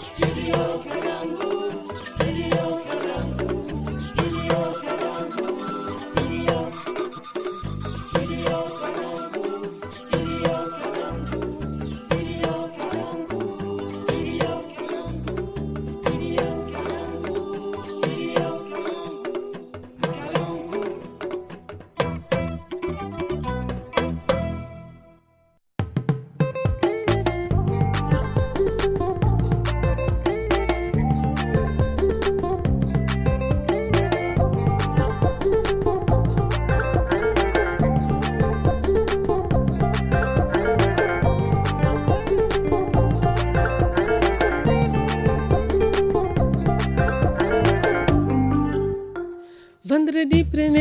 Studio Karangu.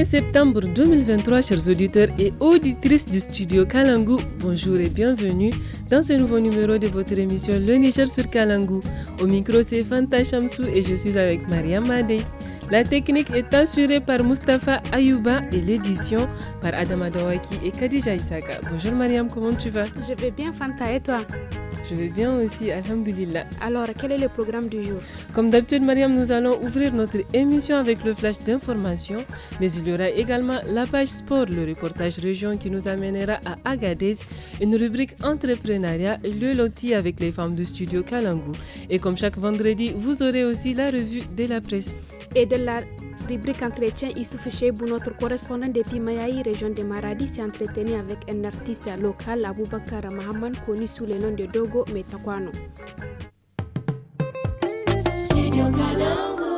septembre 2023, chers auditeurs et auditrices du studio Kalangu, bonjour et bienvenue dans ce nouveau numéro de votre émission Le Niger sur Kalangu. Au micro, c'est Fanta Chamsou et je suis avec Mariam Made. La technique est assurée par Mustapha Ayouba et l'édition par Adama Dawaki et Khadija Isaka. Bonjour Mariam, comment tu vas Je vais bien Fanta et toi Je vais bien aussi, Alhamdulillah. Alors, quel est le programme du jour comme d'habitude, Mariam, nous allons ouvrir notre émission avec le flash d'information, mais il y aura également la page sport, le reportage région qui nous amènera à Agadez, une rubrique entrepreneuriat, le loti avec les femmes du studio Kalangu. Et comme chaque vendredi, vous aurez aussi la revue de la presse. Et de la rubrique entretien, Issouf Chebou, notre correspondant depuis Mayaï, région de Maradi, s'est entretenu avec un artiste local, Aboubakar Mahaman, connu sous le nom de Dogo Metakwano. Eu quero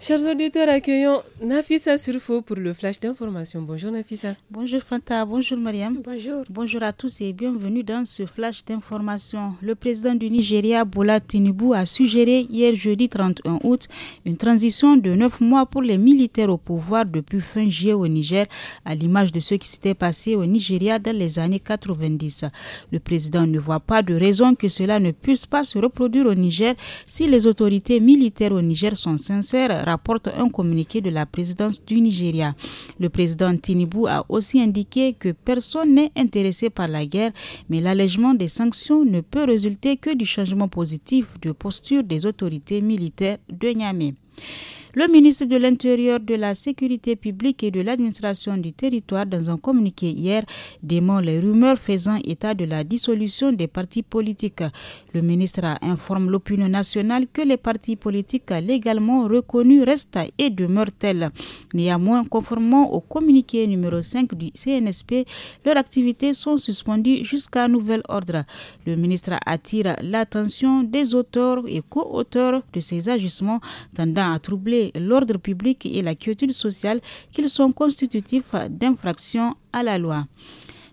Chers auditeurs, accueillons Nafisa Surfo pour le flash d'information. Bonjour Nafisa. Bonjour Fanta, bonjour Mariam. Bonjour. Bonjour à tous et bienvenue dans ce flash d'information. Le président du Nigeria, Bola Tinubu, a suggéré hier jeudi 31 août une transition de neuf mois pour les militaires au pouvoir depuis fin juillet au Niger, à l'image de ce qui s'était passé au Nigeria dans les années 90. Le président ne voit pas de raison que cela ne puisse pas se reproduire au Niger si les autorités militaires au Niger sont sincères rapporte un communiqué de la présidence du Nigeria. Le président Tinubu a aussi indiqué que personne n'est intéressé par la guerre, mais l'allègement des sanctions ne peut résulter que du changement positif de posture des autorités militaires de Niamey. Le ministre de l'Intérieur, de la Sécurité publique et de l'administration du territoire, dans un communiqué hier, dément les rumeurs faisant état de la dissolution des partis politiques. Le ministre informe l'opinion nationale que les partis politiques légalement reconnus restent et demeurent tels. Néanmoins, conformément au communiqué numéro 5 du CNSP, leurs activités sont suspendues jusqu'à nouvel ordre. Le ministre attire l'attention des auteurs et co-auteurs de ces agissements tendant à troubler l'ordre public et la quiétude sociale qu'ils sont constitutifs d'infractions à la loi.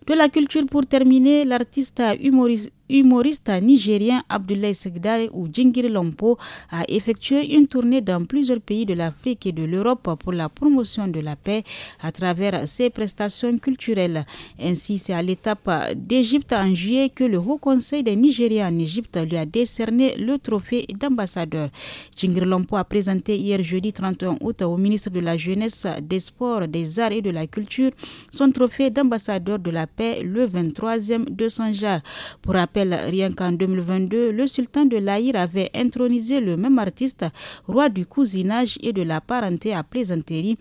De la culture pour terminer, l'artiste humoriste humoriste nigérien Abdoulaye Segdare ou Jingir Lompo a effectué une tournée dans plusieurs pays de l'Afrique et de l'Europe pour la promotion de la paix à travers ses prestations culturelles. Ainsi, c'est à l'étape d'Égypte en juillet que le Haut Conseil des Nigériens en Égypte lui a décerné le trophée d'ambassadeur. Jingir Lompo a présenté hier jeudi 31 août au ministre de la Jeunesse, des Sports, des Arts et de la Culture son trophée d'ambassadeur de la paix, le 23e de saint Pour rien qu'en 2022, le sultan de l'Aïr avait intronisé le même artiste, roi du cousinage et de la parenté à plaisanterie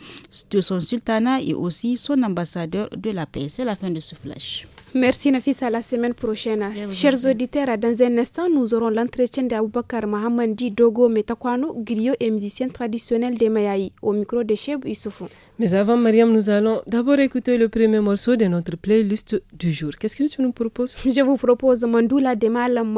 de son sultanat et aussi son ambassadeur de la paix. C'est la fin de ce flash. Merci Nafisa, à la semaine prochaine. Chers auditeurs, dans un instant, nous aurons l'entretien d'Aubakar Mahamandi Dogo Metakwano, griot et musicien traditionnel des Mayaï, au micro de Cheb Issoufou. Mais avant, Mariam, nous allons d'abord écouter le premier morceau de notre playlist du jour. Qu'est-ce que tu nous proposes Je vous propose Mandoula de Malam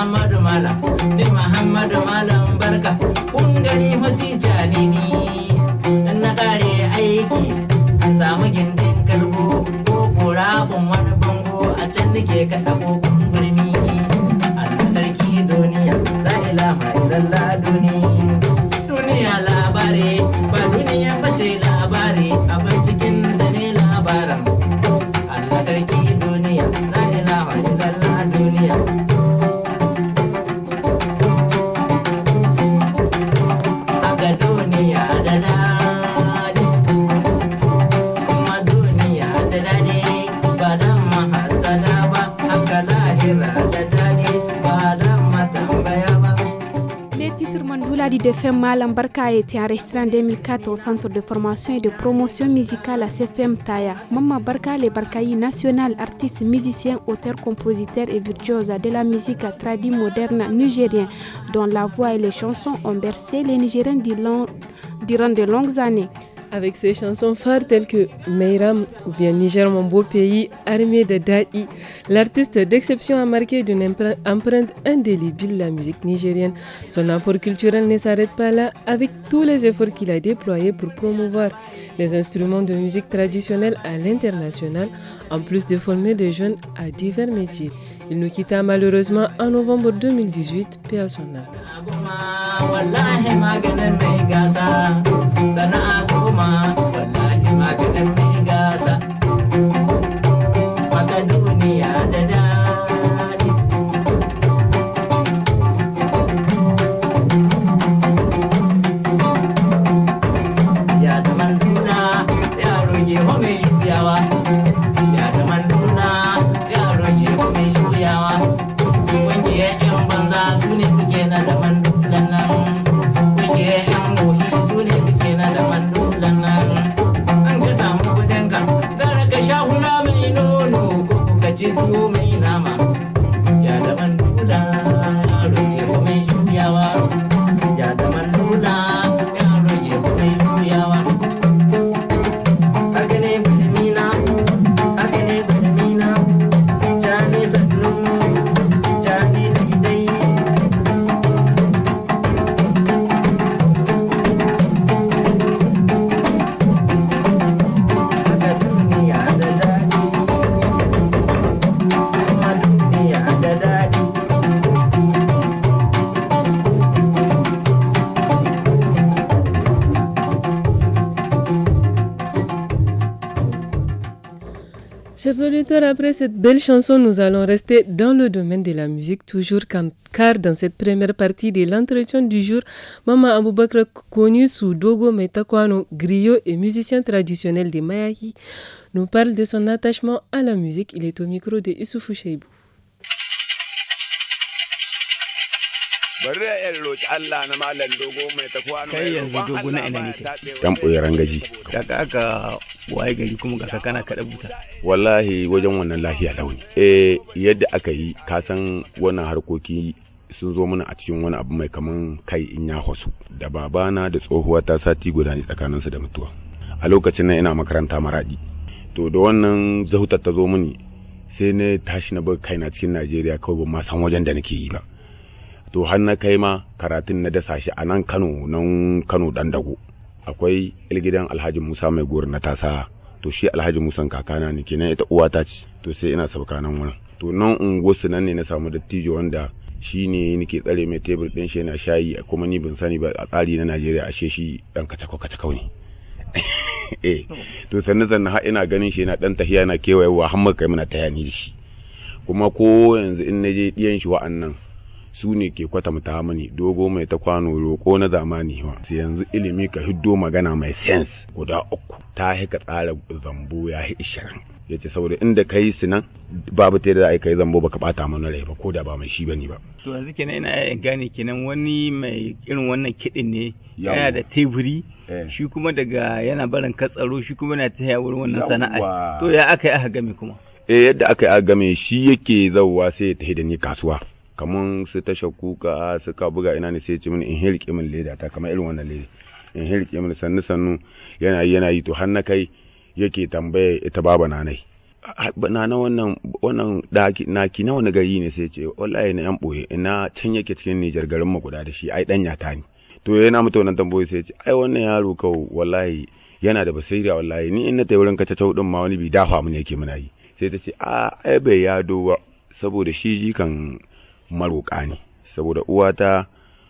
muhammadu malam ni muhammadu malam barka kun gani hoti ne ni na kare aiki an samu gindin kalbo ko kurabun wani bango a can nake kaɗa koko De Malam Barka a été enregistré en 2004 au centre de formation et de promotion musicale à CFM Taya. Mama Barka, le Barkaï national, artiste, musicien, auteur, compositeur et virtuose de la musique tradie moderne nigérienne, dont la voix et les chansons ont bercé les Nigériens durant de longues années avec ses chansons phares telles que Meiram ou bien Niger, mon beau pays, Armée de Da'i. L'artiste d'exception a marqué d'une empreinte indélébile la musique nigérienne. Son apport culturel ne s'arrête pas là avec tous les efforts qu'il a déployés pour promouvoir les instruments de musique traditionnelle à l'international, en plus de former des jeunes à divers métiers. Il nous quitta malheureusement en novembre 2018, paix à ma wallahi maganin après cette belle chanson, nous allons rester dans le domaine de la musique, toujours car dans cette première partie de l'entretien du jour, Mama Aboubakra, connue sous Dogo Metakwano, griot et musicien traditionnel des Mayahi, nous parle de son attachement à la musique. Il est au micro de Issoufou bari da yan roki Allah na malam dogo mai tafiya na kai yanzu dogo na ina nake dan boyaran gaji kaka aka waye gari kuma ga kana kada buta wallahi wajen wannan lafiya launi eh yadda aka yi ka san wannan harkoki sun zo mana a cikin wani abu mai kaman kai in ya hosu da babana da tsohuwa ta sati guda ne tsakaninsu da mutuwa a lokacin nan ina makaranta maraɗi. to da wannan zahutar ta zo mini sai na tashi na bar kaina cikin najeriya kawai ban ma san wajen da nake yi ba to har na kai ma karatun na dasa shi a nan Kano nan Kano dan dago akwai ilgidan Alhaji Musa mai gori na tasa to shi Alhaji Musan kakana ne kenan ita uwa ta ce to sai ina sabka nan wurin to nan unguwarsu nan ne na samu dattijo wanda shi ne nake tsare mai tebur ɗin shi yana shayi kuma ni ban sani ba a tsari na Najeriya ashe shi ɗan kacako kacako ne eh to sannan sannan har ina ganin shi yana dan tahiya na kewayewa har muka kai muna tayani da shi kuma ko yanzu in naje ɗiyan shi wa'annan su ne ke kwatanta mani dogo mai ta kwano roƙo na zamani wa sai yanzu ilimi ka hiddo magana mai sense guda uku ta hika tsara zambo ya hi ishirin ya ce saboda inda ka yi sinan babu ta yadda ka yi zambo baka bata mana rai ba ko da ba mai shi bane ba to yanzu kenan ina gane kenan wani mai irin wannan kiɗin ne yana da teburi eh. shi kuma daga yana barin katsaro shi kuma yana ta wurin wannan sana'a to ya aka yi aka game kuma eh yadda aka yi aka game shi yake zauwa sai ya tafi da ni kasuwa kamar su tasha kuka su ka buga ina ne sai ci mini in hirke min leda ta kamar irin wannan leda in hirke min sannu sannu yana yi yana yi to har na kai yake tambaye ita baba na nai na na wannan wannan daki naki na wani gari ne sai ce wallahi na yan boye ina can yake cikin Nijar garin mu guda da shi ai danya ta ni to yana mutu wannan tambayoyi sai ce ai wannan yaro kau wallahi yana da basira wallahi ni in na tayi wurin kace din ma wani bi dafa mun yake muna yi sai ta ce a ai bai yado ba saboda shi jikan maroƙa ne saboda uwata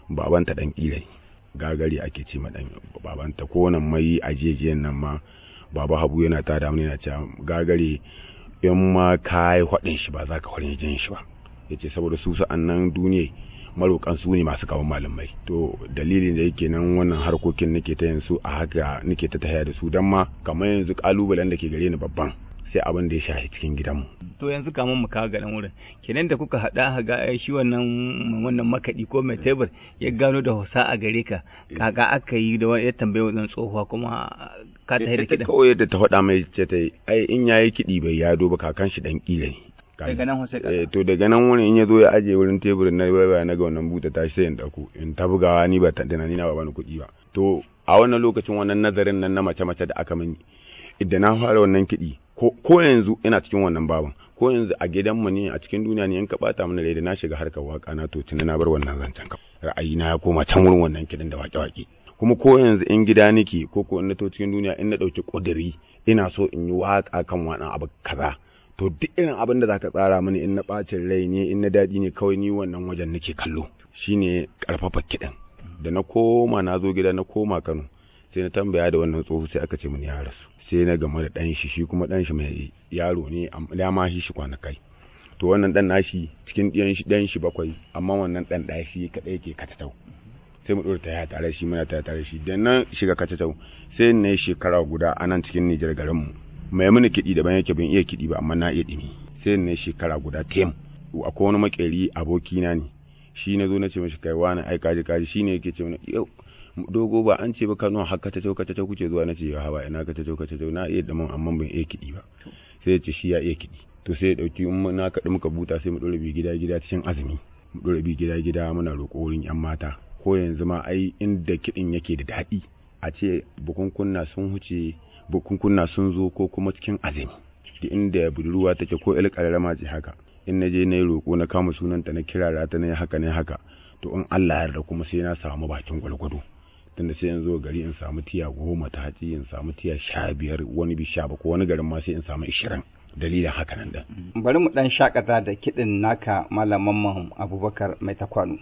babanta dan ƙila gagari ake ce ma babanta ko nan mai ajejiyan nan ma baba habu yana ta da yana cewa gagari in ma ka yi hwadin shi ba za ka hwarin jin shi ba yace saboda su sa'an nan duniya maroƙan su ne masu kawo malamai to dalilin da yake nan wannan harkokin nake ta yanzu a haka nake ta haya da su don ma kamar yanzu ƙalubalen da ke gare ni babban sai abin da ya shahi cikin gidanmu. To yanzu kamar mu kawo ganin wurin kenan da kuka haɗa ga shi wannan wannan makaɗi ko mai tebur ya gano da hausa a gare ka kaka aka yi da wani ya tambaye wannan tsohuwa kuma ka ta da kiɗan. Kawai yadda ta faɗa mai ce ta ai in ya yi kiɗi bai ya ba kakan shi dan ƙila ne. Daga nan eh, To daga nan wurin in ya zo ya ajiye wurin tebur na baya na ga wannan buta ta sai in ɗauko in ta bugawa ni ba ni na ba bani kuɗi ba. To a wannan lokacin wannan nazarin nan na mace-mace da aka mini. Idan na fara wannan kiɗi ko yanzu ina cikin wannan baban ko yanzu a gidanmu ne a cikin duniya ne in ka bata mana da na shiga harkar waka na to tuni na bar wannan zancen ka ra'ayi na ya koma can wurin wannan kidan da waƙe-waƙe kuma ko yanzu in gida nake ko ko in na to cikin duniya in na dauki kudiri ina so in yi waƙa kan wani abu kaza to duk irin abin da zaka tsara mani in na ɓacin rai ne in na daɗi ne kawai ni wannan wajen nake kallo shine karfafa kiɗan da na koma na zo gida na koma Kano sai na tambaya da wannan tsoho sai aka ce mini ya rasu sai na game da ɗanshi. shi kuma ɗanshi mai yaro ne ya ma shi shi kwanakai to wannan ɗan nashi cikin ɗanshi bakwai amma wannan ɗan ɗaya shi kadai ke katatau sai mu ɗora taya tare shi muna taya tare shi da nan shiga katatau sai na shekara guda a nan cikin Nijar garin mu mai mini kiɗi daban yake ban iya kiɗi ba amma na iya ɗimi sai na shekara guda tem akwai wani maƙeri abokina ne shi na zo na ce mashi kai wani ai kaji kaji shi ne yake ce mana dogo ba an ce ba kano haka ta tauka ta kuke zuwa na ce hawa ina ka ta tauka ta na iya daman amma ban iya kiɗi ba sai ya ce shi ya iya kiɗi to sai ya ɗauki in na kaɗi muka buta sai mu ɗora bi gida gida cikin azumi mu ɗora bi gida gida muna roƙo wurin 'yan mata ko yanzu ma ai inda kiɗin yake da daɗi a ce bukunkunna sun huce bukunkunna sun zo ko kuma cikin azumi da inda budurwa take ko il ƙararrama ce haka in na je na yi roƙo na kama sunanta na kirara ta na yi haka na yi haka to in Allah ya yarda kuma sai na samu bakin gwalgwado da sai in zo gari in samu tiya goma ta hatsi in samu tiya sha biyar wani bi sha ko wani garin ma sai in samu ishirin dalilin haka nan da. Bari mu ɗan shakata da kiɗin naka malaman Abubakar mai takwano.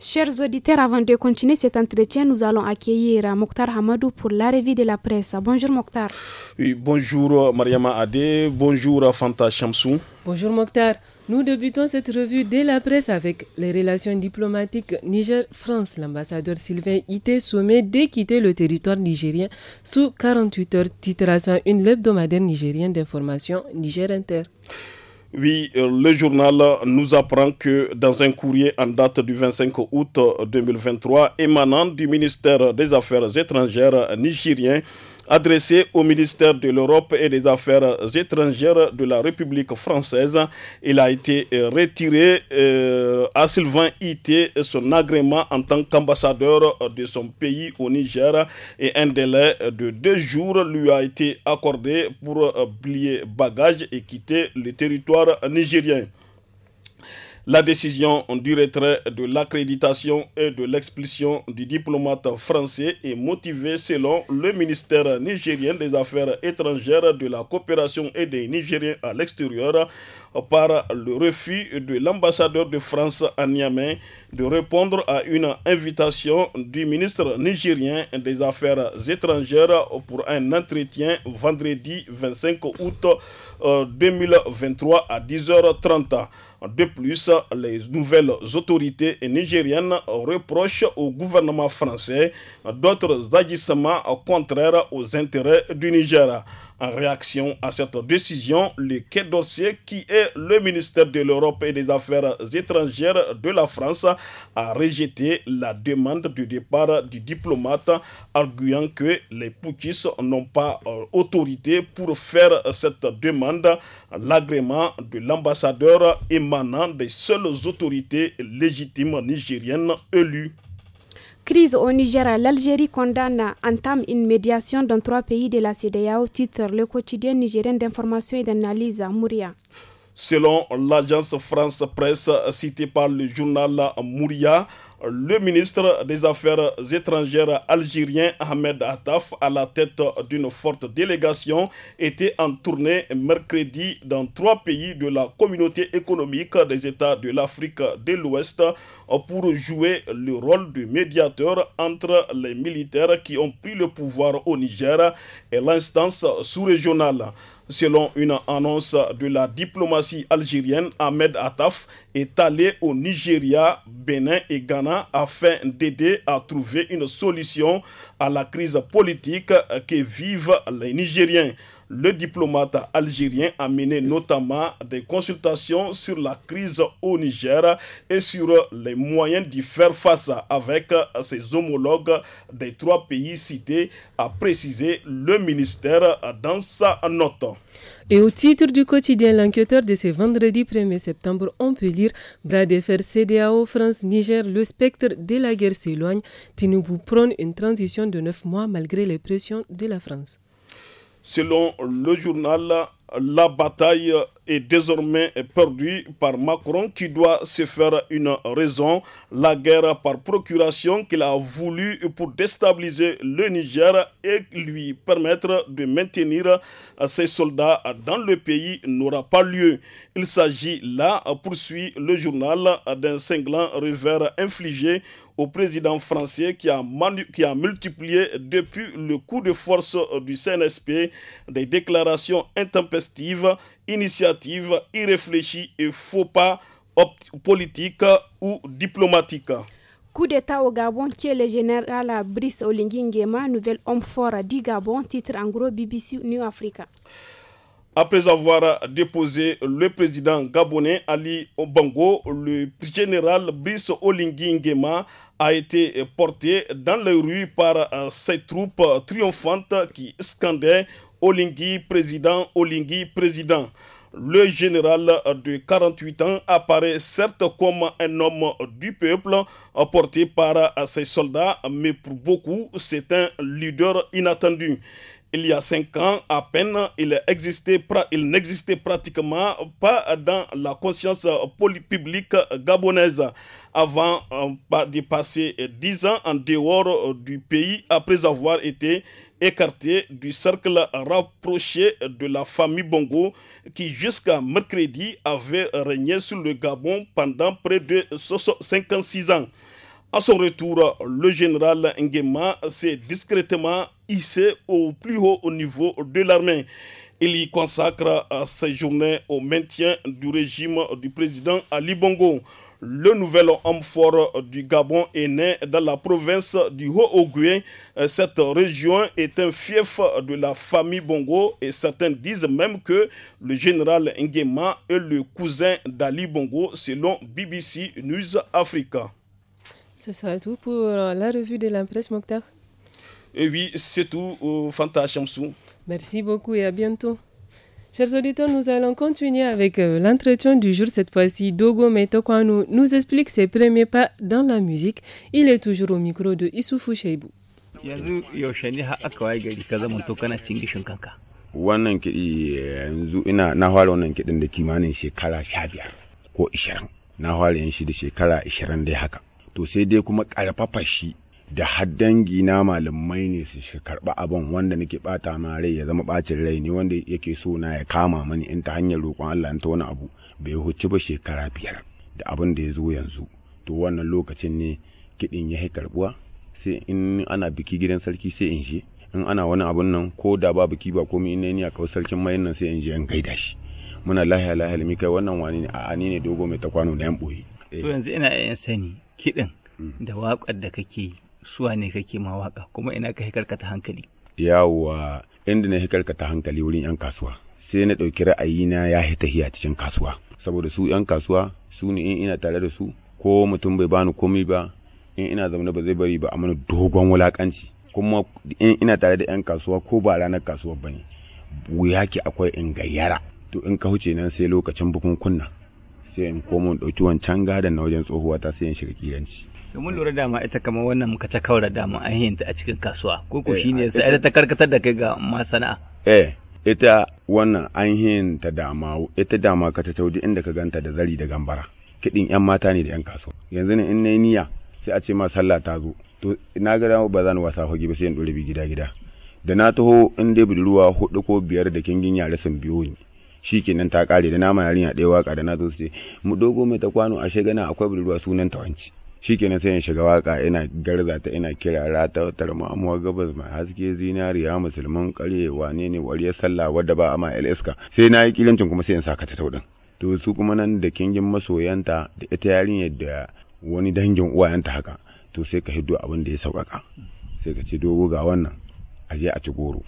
Chers auditeurs, avant de continuer cet entretien, nous allons accueillir euh, Mokhtar Hamadou pour la revue de la presse. Bonjour Mokhtar. bonjour euh, Mariama Ade. bonjour euh, Fanta Chamsou. Bonjour Mokhtar. Nous débutons cette revue de la presse avec les relations diplomatiques Niger-France. L'ambassadeur Sylvain Ité sommet d'équiter le territoire nigérien sous 48 heures, titrant une hebdomadaire nigérienne d'information Niger Inter. Oui, euh, le journal nous apprend que dans un courrier en date du 25 août 2023 émanant du ministère des Affaires étrangères nigérien, Adressé au ministère de l'Europe et des Affaires étrangères de la République française. Il a été euh, retiré euh, à Sylvain Ité son agrément en tant qu'ambassadeur euh, de son pays au Niger et un délai de deux jours lui a été accordé pour plier bagages et quitter le territoire nigérien. La décision du retrait de l'accréditation et de l'expulsion du diplomate français est motivée selon le ministère nigérien des Affaires étrangères de la coopération et des Nigériens à l'extérieur par le refus de l'ambassadeur de France à Niamey de répondre à une invitation du ministre nigérien des Affaires étrangères pour un entretien vendredi 25 août 2023 euh, à 10h30. De plus, les nouvelles autorités nigériennes reprochent au gouvernement français d'autres agissements contraires aux intérêts du Niger. En réaction à cette décision, le Quai d'Orsay, qui est le ministère de l'Europe et des Affaires étrangères de la France, a rejeté la demande de départ du diplomate, arguant que les Poutis n'ont pas euh, autorité pour faire cette demande. L'agrément de l'ambassadeur émanant des seules autorités légitimes nigériennes élues. Crise au Niger, l'Algérie condamne, entame une médiation dans trois pays de la au titre le quotidien nigérien d'information et d'analyse Mouria. Selon l'agence France Presse citée par le journal Mouria, le ministre des Affaires étrangères algérien Ahmed Attaf, à la tête d'une forte délégation, était en tournée mercredi dans trois pays de la communauté économique des États de l'Afrique de l'Ouest pour jouer le rôle de médiateur entre les militaires qui ont pris le pouvoir au Niger et l'instance sous-régionale. Selon une annonce de la diplomatie algérienne, Ahmed Ataf est allé au Nigeria, Bénin et Ghana afin d'aider à trouver une solution à la crise politique que vivent les Nigériens. Le diplomate algérien a mené notamment des consultations sur la crise au Niger et sur les moyens d'y faire face avec ses homologues des trois pays cités, a précisé le ministère dans sa note. Et au titre du quotidien L'Enquêteur de ce vendredi 1er septembre, on peut lire Bras de fer CDAO France-Niger, le spectre de la guerre s'éloigne. Tinubu prône une transition de neuf mois malgré les pressions de la France. Selon le journal, la bataille est désormais perdue par Macron qui doit se faire une raison. La guerre par procuration qu'il a voulu pour déstabiliser le Niger et lui permettre de maintenir ses soldats dans le pays n'aura pas lieu. Il s'agit là, poursuit le journal, d'un cinglant revers infligé au président français qui a, multiplié depuis le coup de force du CNSP des déclarations intempestives, initiatives, irréfléchies et faux pas politiques ou diplomatiques. Coup d'État au Gabon, qui est le général Brice Olingi Nguema, nouvel homme fort du Gabon, titre en gros BBC New Africa. Après avoir déposé le président gabonais Ali Obango, le général Brice Olingi a été porté dans les rues par ses euh, troupes euh, triomphantes qui scandaient Olingui président, Olingui président. Le général euh, de 48 ans apparaît certes comme un homme du peuple porté par ses soldats, mais pour beaucoup, c'est un leader inattendu. Il y a cinq ans à peine, il, il n'existait pratiquement pas dans la conscience publique gabonaise avant euh, de passer 10 euh, ans en dehors euh, du pays après avoir été écarté du cercle rapproché de la famille Bongo qui jusqu'à mercredi avait régné sur le Gabon pendant près de 56 ans. À son retour, le général Nguema s'est discrètement hissé au plus haut niveau de l'armée. Il y consacre ses journées au maintien du régime du président Ali Bongo. Le nouvel homme fort du Gabon est né dans la province du haut ogooué euh, Cette région est un fief de la famille Bongo et certains disent même que le général Nguema est le cousin d'Ali Bongo selon BBC News Africa. Ce sera tout pour euh, la revue de l'impresse Mokhtar. Et oui, c'est tout, euh, Fanta Chamsou. Merci beaucoup et à bientôt. Chers auditeurs, nous allons continuer avec euh, l'entretien du jour. Cette fois-ci, Dogo Metokwano nous explique ses premiers pas dans la musique. Il est toujours au micro de Issoufou Cheibou. wannan kiɗi yanzu ina na fara wannan kiɗin da kimanin shekara sha biyar ko ishirin na fara yin shi da shekara ishirin dai haka to sai dai kuma ƙarfafa shi da haddangi na malamai ne su shi karɓi abin wanda nake ɓata ma rai ya zama ɓacin rai ne wanda yake so na ya kama mani in ta hanyar roƙon Allah in ta wani abu bai huci ba shekara biyar da abin da ya zo yanzu to wannan lokacin ne kiɗin ya yi karɓuwa sai in ana biki gidan sarki sai in je in ana wani abun nan ko da ba biki ba komai in ni a kawai sarkin mayin nan sai in je in gaida shi muna lahiya lahiya mi kai wannan wani ne a ni ne dogo mai takwano na yan boye to yanzu ina yan sani kiɗin mm. da waƙar da kake yi suwa ne kake ma waka kuma ina ka ta hankali yawa inda na ta hankali wurin yan kasuwa sai na ɗauki ra'ayi na ya hiya cikin kasuwa saboda su yan kasuwa su ne in ina tare da su ko mutum bai bani komai ba in ina zaune ba zai bari ba a mana dogon wulakanci kuma in ina tare da yan kasuwa ko ba ranar kasuwa ba ne wuya ki akwai in gayyara to in ka huce nan sai lokacin bukunkunna sai in komo in ɗauki wancan gadon na wajen tsohuwa ta sai in shiga kiranci to mun lura dama ita kamar wannan muka ta kaura dama ainihin ta a cikin kasuwa ko ko eh, shine sai ita ta karkatar da kai ga masana'a eh ita wannan ainihin ta dama ita dama ka ta taudi inda ka ganta da zari da gambara kiɗin yan mata ne da yan kasuwa yanzu ne in nayi niyya sai a ce ma sallah ta zo to na ga ba zan wasa hoge ba sai in dore bi gida gida da na taho in dai budurwa hudu ko biyar da kingin yare sun biyo ni shi kenan ta kare da nama yarinya ɗaya waka da na zo su mu dogo mai ta kwano ashe gana akwai budurwa sunan tawanci shikenan sai in shiga waka ina garza ta ina kira rata tarmamuwa gabas mai haske zinariya musulman ƙarye wane ne wariyar sallah wadda ba a ma sai na yi kilincin kuma sai in saka ta taudin to su kuma nan da kingin masoyanta da ita yarinyar da wani dangin uwayenta haka to sai ka hiddo abin da ya sauƙaƙa sai ka ce dogo ga wannan a a ci goro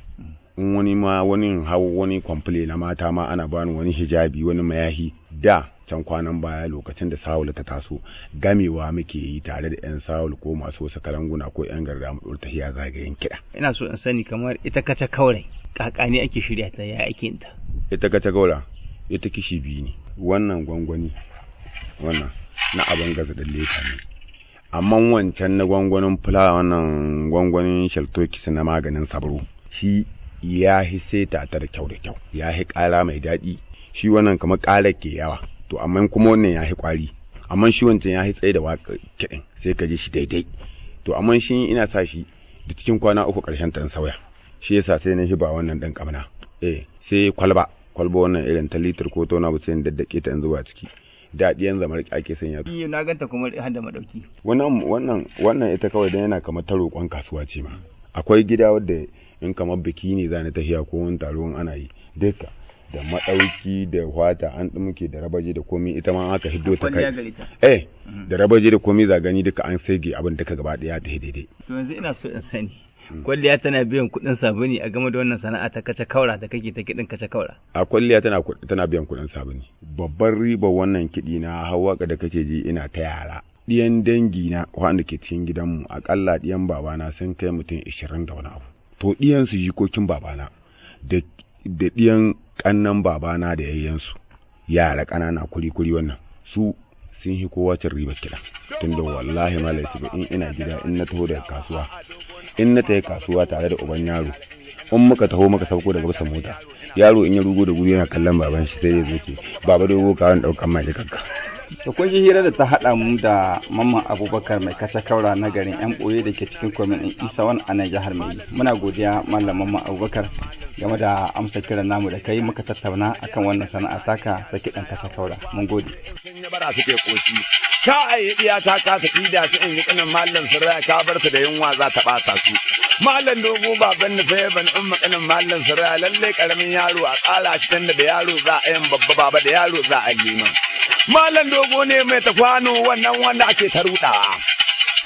in wani ma wani hau wani kwamfule na mata ma ana bani wani hijabi wani mayahi da can kwanan baya lokacin da sawul ta taso gamewa muke yi tare da 'yan sawul ko masu wasu karanguna ko 'yan garda mu dorta hiya zagayen kiɗa. ina so in sani kamar ita kaca kaurai kakani ake shirya ta ya ake ta. ita kaca gaura ita kishi biyu ne wannan gwangwani wannan na abin gaza da leta ne amma wancan na gwangwanin fula wannan gwangwanin shaltokis na maganin sabro shi ya hi sai da kyau da kyau ya hi ƙara mai daɗi shi wannan kamar ƙara ke yawa to amma kuma wannan ya hi ƙwari amma shi wancan ya hi tsaye da waƙa kiɗin sai ka ji shi daidai to amma shi ina sa shi da cikin kwana uku ƙarshen ta sauya shi yasa sai na hiba wannan ɗan ƙamna eh sai kwalba kwalba wannan irin ta litir ko tona ba sai daddake ta in zuba ciki daɗi yanzu mara ake sanya ta. na ganta kuma har da madauki. Wannan wannan wannan ita kawai dan yana kamar ta roƙon kasuwa ce ma. Akwai gida wadda in kamar biki ne za ni tafiya ko wani taro ana yi duka da madauki da wata an muke da rabaje da komi ita ma aka hiddo ta kai eh mhm. da rabaje da komi za gani duka an saige abin duka gaba daya ta daidai to yanzu ina so in sani mm. kwalliya tana biyan kuɗin sabuni a game da wannan sana'a ta kace kaura da kake ta kidin kace kaura a kwalliya tana tana biyan kuɗin sabuni babbar riba wannan kiɗi na hawaka da kake ji ina ta yara ɗiyan dangi na wanda ke cikin gidanmu akalla ɗiyan babana sun kai mutum ishirin da wani abu to ɗiyansu jikokin babana da ɗiyan ƙannan babana da yayyansu yara ƙanana kuri-kuri wannan su sun hi kowa cin riba kiɗa tunda wallahi malai su in ina gida in na taho daga kasuwa in na kasuwa tare da uban yaro in muka taho muka sauko daga bisa mota yaro in ya rugo da guri yana kallon baban shi sai ya zuke baba dogo ka wani ɗaukan mai kanka da kun hira da ta haɗa mu da mamman abubakar mai kasa kaura na garin yan ɓoye da ke cikin kwamin ɗin isa wani a nan jihar mai muna godiya mallam mamman abubakar game da amsa kiran namu da kai muka tattauna akan wannan sana'a taka ta kiɗan kasa kaura mun gode. sha a yi iya ta kasa da su in yi kanin mallan raya, ka bar su da yunwa za ta bata su mallam dogo babban da ya ban umma kanin mallan raya, lalle karamin yaro a tsara shi tanda da yaro za a yin babba baba da yaro za a liman Malam dogo ne mai tafano wannan wanda ake ta ruɗa.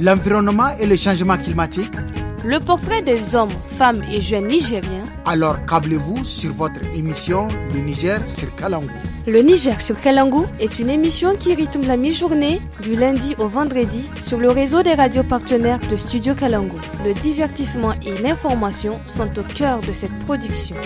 l'environnement et le changement climatique, le portrait des hommes, femmes et jeunes nigériens. Alors câblez-vous sur votre émission Le Niger sur Kalangou. Le Niger sur Kalangou est une émission qui rythme la mi-journée du lundi au vendredi sur le réseau des radios partenaires de Studio Kalangou. Le divertissement et l'information sont au cœur de cette production.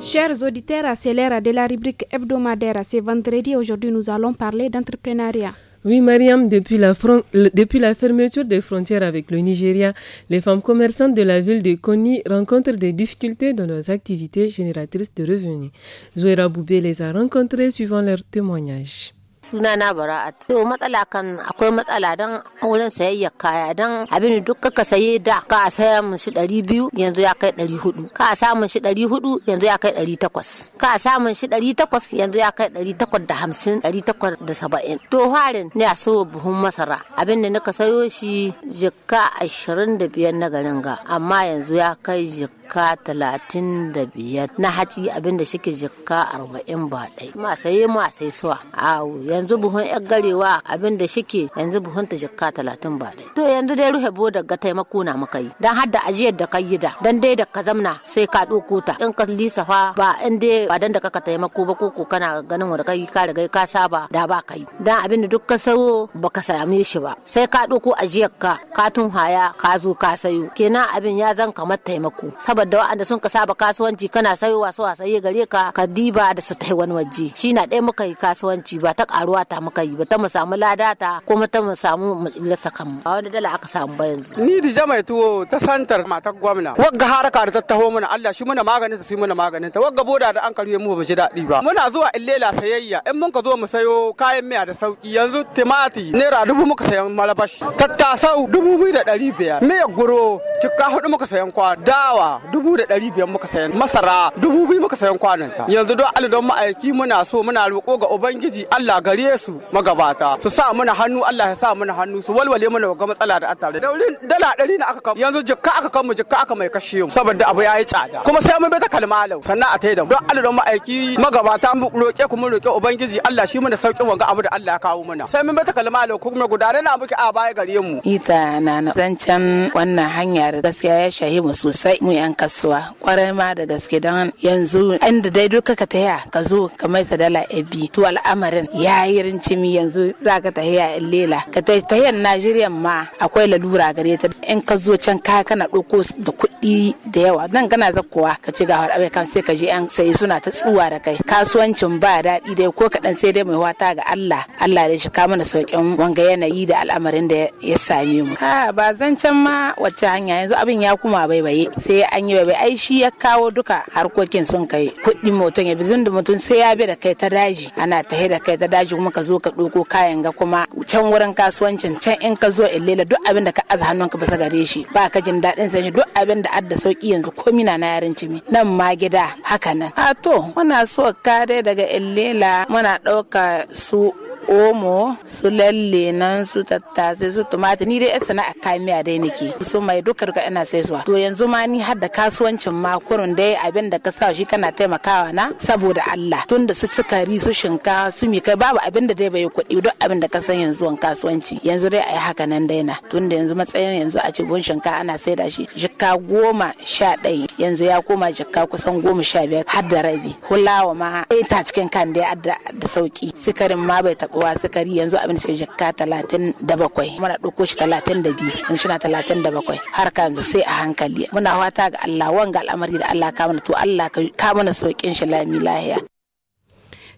Chers auditeurs, c'est à de la rubrique hebdomadaire. C'est vendredi. Aujourd'hui, nous allons parler d'entrepreneuriat. Oui, Mariam, depuis la, fermeture des frontières avec le Nigeria, les femmes commerçantes de la ville de Koni rencontrent des difficultés dans leurs activités génératrices de revenus. Zoé Boubé les a rencontrées suivant leurs témoignages. suna na bara'at to matsala kan akwai matsala dan wurin sayayyar kaya dan abin duk ka saye da ka a saya mun shi ɗari biyu yanzu ya kai ɗari hudu ka a mun shi ɗari hudu yanzu ya kai ɗari takwas ka a mun shi ɗari takwas yanzu ya kai ɗari takwas da hamsin ɗari takwas da saba'in to harin ne a so buhun masara abin da nika sayo shi jikka ashirin da biyar na garin ga amma yanzu ya kai jikka jikka talatin da biyar na haci abinda shike jikka arba'in ba ɗai ma saye ma sai suwa awo yanzu buhun yar garewa abinda shike yanzu buhun ta jikka talatin ba ɗai to yanzu dai ruhe bo daga taimako na muka yi dan hadda ajiyar da ka yi da dan dai da ka zamna sai ka ɗauko ta in ka lisafa ba in dai ba dan da ka taimako ba ko kana ganin wanda kai ka riga ka saba da ba ka yi. dan abinda duk ka sayo ka same shi ba sai ka ɗauko ajiyar ka ka tun haya ka zo ka sayo kenan abin ya zan kamar taimako da wa'anda sun ka saba kasuwanci kana sayowa wasu wasaye gare ka ka diba da su tai wani waje shi na ɗaya muka yi kasuwanci ba ta ƙaruwa ta muka yi ba ta mu samu lada ta kuma ta mu samu matsilasa kanmu ba wani dala aka samu ba yanzu ni dija mai tuwo ta santar matar gwamna wagga haraka da tattaho mana Allah shi muna maganin ta shi muna maganin ta wagga boda da an karye mu ba ji daɗi ba muna zuwa illela sayayya in mun ka zo mu sayo kayan miya da sauki yanzu timati naira dubu muka sayan malabashi tattasau dubu biyu da ɗari biyar miyar goro cikka hudu muka sayan kwa dawa dubu da ɗari biyar muka sayan masara dubu biyu muka sayan kwananta yanzu don alidon ma'aiki muna so muna roƙo ga ubangiji Allah gare su magabata su sa mana hannu Allah ya sa mana hannu su walwale mana ga matsala da attare da wurin dala ɗari na aka kama yanzu jikka aka kama jikka aka mai kashe mu saboda abu ya yi tsada kuma sai mun bi ta kalmalau sannan a taida don alidon ma'aiki magabata mu roƙe ku mu roƙe ubangiji Allah shi mana sauƙin wanga abu da Allah ya kawo mana sai mun bi ta kalmalau kuma gudare na muke a baya gare mu ita nana zancan wannan hanya da gaskiya ya shahi mu sosai mu yan kasuwa kwarai ma da gaske don yanzu inda dai duka ka taya ka zo ka mai dala ebi to al'amarin ya yi rincimi yanzu za ka tahiya in lela ka tahiyar najeriya ma akwai lalura gare ta in ka zo can ka kana ɗauko da kuɗi da yawa nan kana zakkowa ka ci ga abai kan sai ka je yan sai suna ta tsuwa da kai kasuwancin ba daɗi dai ko kaɗan sai dai mai wata ga Allah Allah da shi ka mana sauƙin wanga yanayi da al'amarin da ya same mu ka ba zan can ma wacce hanya yanzu abin ya kuma baibaye sai an yi ba ai shi ya kawo duka harkokin sun kai kuɗin mutum ya bi da mutum sai ya bi da kai ta daji ana ta da kai ta daji kuma ka zo ka ɗauko kayan ga kuma can wurin kasuwancin can in ka zo lela duk abin da ka aza hannun bisa gare shi ba ka jin daɗin sanyi duk abin da adda sauki yanzu ko na na yarin cimi nan ma gida haka nan a to muna so ka dai daga lela muna ɗauka su omo su lalle nan su tattasai su tumatir ni dai yan sana'a kamiya dai nake su mai duka duka ina sai zuwa to yanzu ma ni har da kasuwancin ma dai abin da ka sa shi kana taimakawa na saboda Allah tunda da su sukari su shinkafa su mi kai babu abin da dai bai kuɗi duk abin da ka san yanzu an kasuwanci yanzu dai ai haka nan dai na tun da yanzu matsayin yanzu a ce shinka ana sai da shi jikka goma sha ɗaya yanzu ya koma jikka kusan goma sha biyar har da rabi hulawa ma ita eh, cikin kan dai da sauki sukarin ma bai taɓa wasakari yanzu abin shi jikka talatin da bakwai muna ɗauko shi talatin da biyu yanzu shi na talatin da bakwai har ka yanzu sai a hankali muna wata ga Allah wanga al'amari da Allah ka mana to Allah ka mana saukin shi lami lahiya.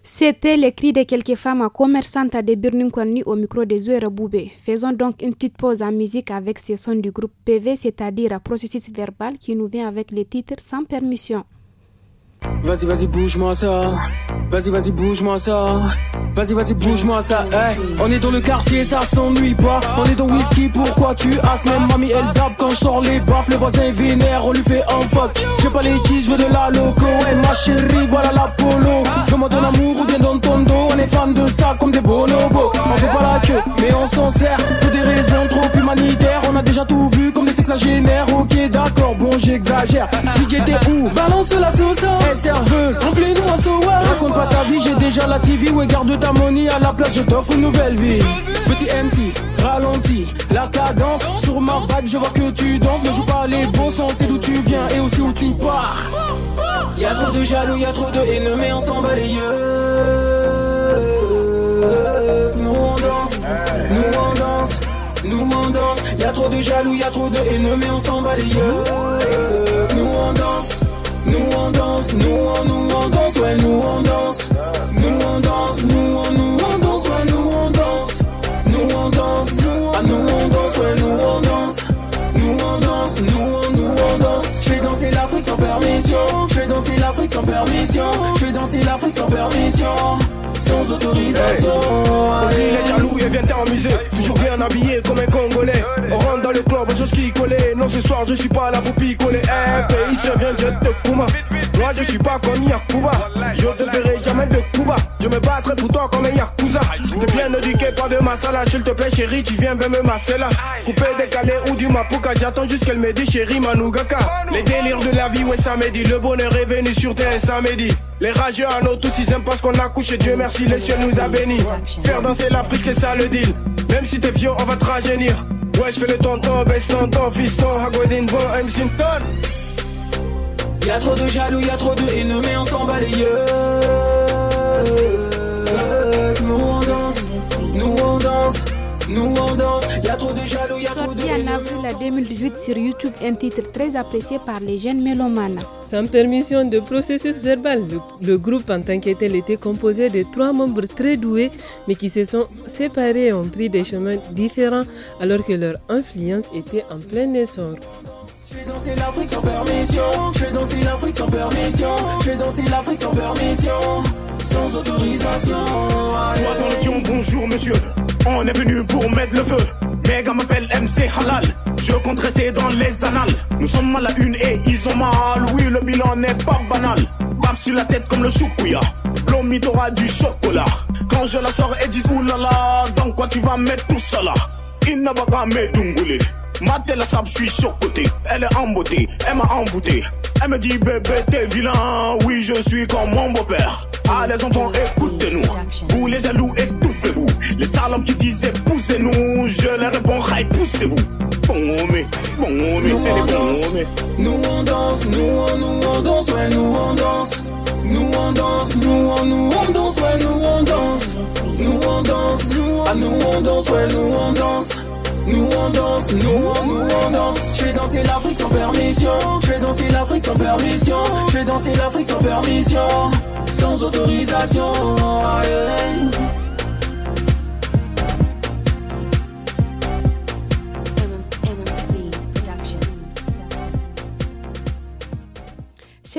C'était les cris de quelques femmes commerçantes de Birning connues au micro des Zouera Boubé. Faisons donc une petite pause en musique avec ces sons du groupe PV, c'est-à-dire processus verbal qui nous vient avec les titres sans permission. Vas-y, vas-y, bouge-moi ça. Vas-y, vas-y, bouge-moi ça. Vas-y, vas-y, bouge-moi ça, On est dans le quartier, ça s'ennuie pas. On est dans whisky, pourquoi tu as même mamie, elle tape quand je sors les baffes. Le voisin est vénère, on lui fait un fuck. J'ai pas les keys, je veux de la loco. Hey, ma chérie, voilà la polo. Fais-moi ton amour ou bien dans ton dos. On est fan de ça comme des bonobos. On fait pas la queue, mais on s'en sert pour des raisons trop humanitaires. On a déjà tout vu comme des sexagénaires. Ok, d'accord, bon, j'exagère. DJ, t'es où Balance la sauce, C'est serveuse. Remplis-nous un pas vie, j'ai déjà la TV. Ouais, garde ta money à la place, je t'offre une nouvelle vie. Petit MC, ralenti, la cadence. Sur ma vibe, je vois que tu danses. Ne joue pas les bons sens, c'est d'où tu viens et aussi où tu pars. Y'a trop de jaloux, y'a trop de ennemis, on s'en bat les yeux. Nous on danse, nous on danse, nous on danse. Y'a trop de jaloux, y'a trop de ennemis, on s'en bat les Nous on danse. Nous on danse, nous on, nous on danse, ouais, nous on danse. Nous on danse, nous on, nous on danse, ouais, nous on danse. Nous on danse, nous on, nous danse, ouais, nous on danse. Nous on danse, nous on, nous on danse. Je fais danser la l'Afrique sans permission. Je fais danser l'Afrique sans permission. Je fais danser l'Afrique sans permission. Sans autorisation. Hey. Aussi, les jaloux, et viens t'amuser. Toujours bien habillé comme un Congolais. On rentre dans le club, chose qui collait. Non, ce soir, je suis pas là pour picoler. Hey, eh, ah, pays, ah, je viens de ah, Kuma. Moi, je suis pas comme Yakuba. Je te ferai jamais de Cuba. Je me battrai pour toi comme un Yakuza. T'es bien éduqué, pas de ma masala. S'il te plaît, chérie, tu viens bien même là Coupé, décalé ou du Mapuka. J'attends juste qu'elle me dise, chérie, Manugaka. Les délires de la vie, ouais, ça me dit le bonheur venu sur terre un samedi. Les rageux à nos tous, ils aiment parce qu'on a couché. Dieu merci, les cieux nous a bénis. Faire danser l'Afrique, c'est ça le deal. Même si t'es vieux, on va te rajeunir. Ouais, je fais le tonton, baisse tonton, fiston, Hagodin, bon, M. Simpson. Y'a trop de jaloux, y'a trop de haineux, mais on s'en bat les yeux. Nous on danse, nous on danse. Nous on danse, y a trop de jaloux, y a trop de en avril 2018 sur YouTube, un titre très apprécié par les jeunes mélomanes. Sans permission de processus verbal, le, groupe en tant qu'étel était composé de trois membres très doués, mais qui se sont séparés et ont pris des chemins différents alors que leur influence était en plein essor. Je vais danser l'Afrique sans permission, je vais danser l'Afrique sans permission, je vais danser l'Afrique sans permission, sans autorisation. attention dans le bonjour monsieur, on est venu pour mettre le feu. Mega m'appelle MC Halal. Je compte rester dans les annales. Nous sommes à la une et ils ont mal. Oui, le bilan n'est pas banal. Baf sur la tête comme le choukouya. L'homme aura du chocolat. Quand je la sors, et disent oulala. Dans quoi tu vas mettre tout cela? Il n'a pas qu'à Ma Maté la sable, je suis chocoté. Elle est embotée, elle m'a envoûté. Elle me dit bébé t'es vilain, oui je suis comme mon beau-père. Ah les enfants écoutez-nous, vous les jaloux étouffez-vous. Les salopes qui disaient poussez-nous, je leur réponds poussez-vous. Bon mais, bon nous on danse, nous on danse, nous on, nous on danse, ouais nous on danse. Nous on danse, nous on, nous on danse, ouais nous on danse. Nous on danse, nous on danse, ouais nous on danse. Nous on danse, nous on, nous on danse. Je fais danser l'Afrique sans permission. Je fais danser l'Afrique sans permission. Je fais danser l'Afrique sans permission. Sans autorisation.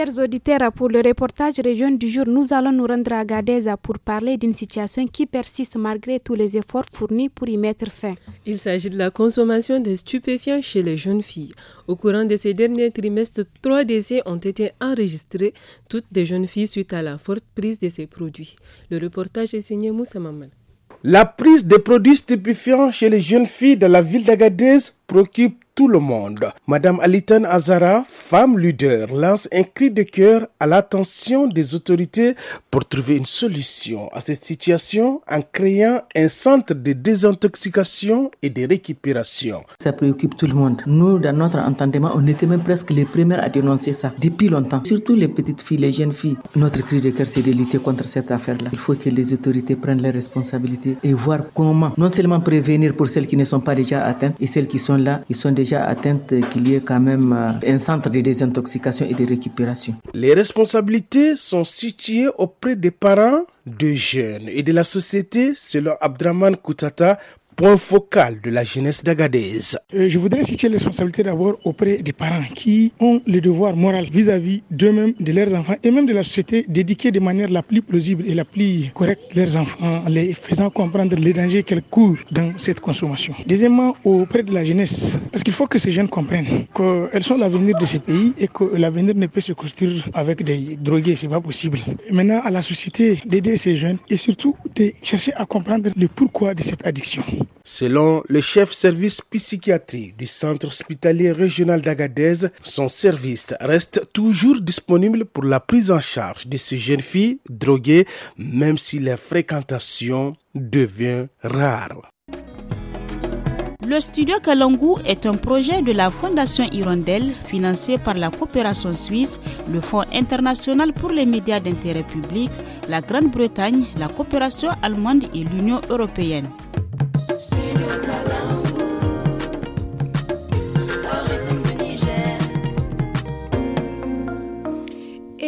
chers auditeurs, pour le reportage région du jour, nous allons nous rendre à Gadeza pour parler d'une situation qui persiste malgré tous les efforts fournis pour y mettre fin. Il s'agit de la consommation de stupéfiants chez les jeunes filles. Au courant de ces derniers trimestres, trois décès ont été enregistrés, toutes des jeunes filles suite à la forte prise de ces produits. Le reportage est signé Moussa Maman. La prise de produits stupéfiants chez les jeunes filles de la ville d'Agadez préoccupe tout le monde. Madame Alitan Azara, femme leader, lance un cri de cœur à l'attention des autorités pour trouver une solution à cette situation en créant un centre de désintoxication et de récupération. Ça préoccupe tout le monde. Nous, dans notre entendement, on était même presque les premiers à dénoncer ça depuis longtemps. Surtout les petites filles, les jeunes filles. Notre cri de cœur, c'est de lutter contre cette affaire-là. Il faut que les autorités prennent leurs responsabilités et voir comment non seulement prévenir pour celles qui ne sont pas déjà atteintes et celles qui sont là, ils sont des déjà atteinte qu'il y ait quand même euh, un centre de désintoxication et de récupération. Les responsabilités sont situées auprès des parents, de jeunes et de la société, selon Abdraman Koutata, point focal de la jeunesse d'Agadez. Euh, je voudrais citer les responsabilités d'abord auprès des parents qui ont le devoir moral vis-à-vis d'eux-mêmes, de leurs enfants et même de la société d'éduquer de manière la plus plausible et la plus correcte leurs enfants en les faisant comprendre les dangers qu'elles courent dans cette consommation. Deuxièmement, auprès de la jeunesse, parce qu'il faut que ces jeunes comprennent qu'elles sont l'avenir de ces pays et que l'avenir ne peut se construire avec des drogués, c'est pas possible. Maintenant, à la société d'aider ces jeunes et surtout de chercher à comprendre le pourquoi de cette addiction. Selon le chef service psychiatrie du centre hospitalier régional d'Agadez, son service reste toujours disponible pour la prise en charge de ces jeunes filles droguées, même si la fréquentation devient rare. Le studio Kalangu est un projet de la Fondation Hirondelle financé par la coopération suisse, le Fonds international pour les médias d'intérêt public, la Grande-Bretagne, la coopération allemande et l'Union européenne.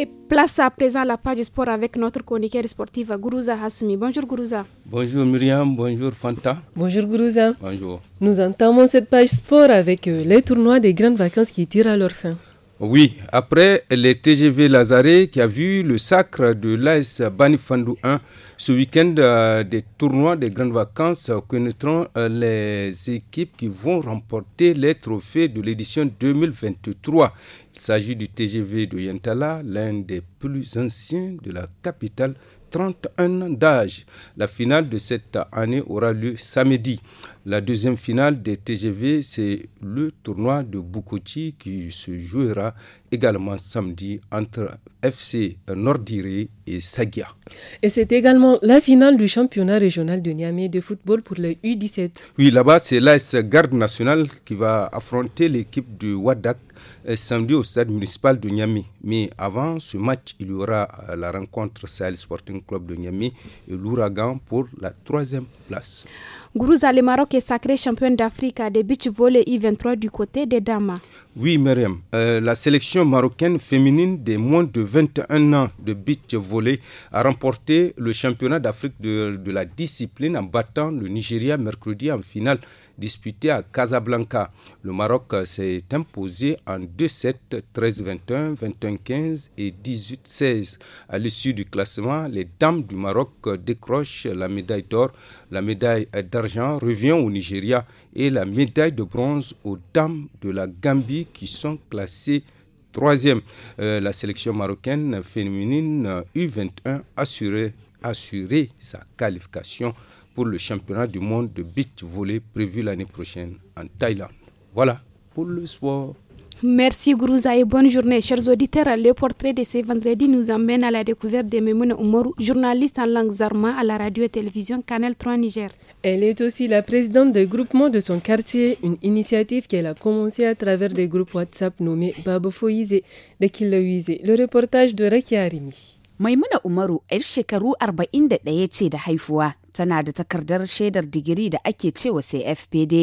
Et place à présent la page sport avec notre chroniqueur sportive Gourouza Hassoumi. Bonjour Gourouza. Bonjour Myriam, bonjour Fanta. Bonjour Gourouza. Bonjour. Nous entamons cette page sport avec euh, les tournois des grandes vacances qui tirent à leur fin. Oui, après les TGV Lazare qui a vu le sacre de l'AS Banifandou 1, ce week-end euh, des tournois des grandes vacances euh, connaîtront euh, les équipes qui vont remporter les trophées de l'édition 2023. Il s'agit du TGV de Yentala, l'un des plus anciens de la capitale 31 ans d'âge. La finale de cette année aura lieu samedi. La deuxième finale des TGV, c'est le tournoi de Bukoti qui se jouera également samedi entre FC Nordiré et Sagia. Et c'est également la finale du championnat régional de Niamey de football pour les U17. Oui, là-bas, c'est l'AS Garde Nationale qui va affronter l'équipe du Wadak samedi au stade municipal de Niamey. Mais avant ce match, il y aura euh, la rencontre Sahel Sporting Club de Niamey et l'Ouragan pour la troisième place. Gourouza, le Maroc est sacré champion d'Afrique des beach volley I-23 du côté des Dama. Oui, Myriam. Euh, la sélection marocaine féminine des moins de 21 ans de beach volley a remporté le championnat d'Afrique de, de la discipline en battant le Nigeria mercredi en finale disputé à Casablanca. Le Maroc s'est imposé en 2-7, 13-21, 21-15 et 18-16. À l'issue du classement, les Dames du Maroc décrochent la médaille d'or, la médaille d'argent revient au Nigeria et la médaille de bronze aux Dames de la Gambie qui sont classées troisième. Euh, la sélection marocaine féminine U21 assurait assurer sa qualification pour le championnat du monde de beach volley prévu l'année prochaine en Thaïlande. Voilà pour le sport. Merci Gourouza et bonne journée. Chers auditeurs, le portrait de ce vendredi nous emmène à la découverte de Maimouna Oumarou, journaliste en langue zarma à la radio et télévision Canal 3 Niger. Elle est aussi la présidente du groupement de son quartier, une initiative qu'elle a commencée à travers des groupes WhatsApp nommés Babofoïze de Kilawize. Le reportage de Rakia Arimi. Oumarou, El Shekarou, Arba Inde de tana da takardar shaidar digiri da ake cewa sai fpd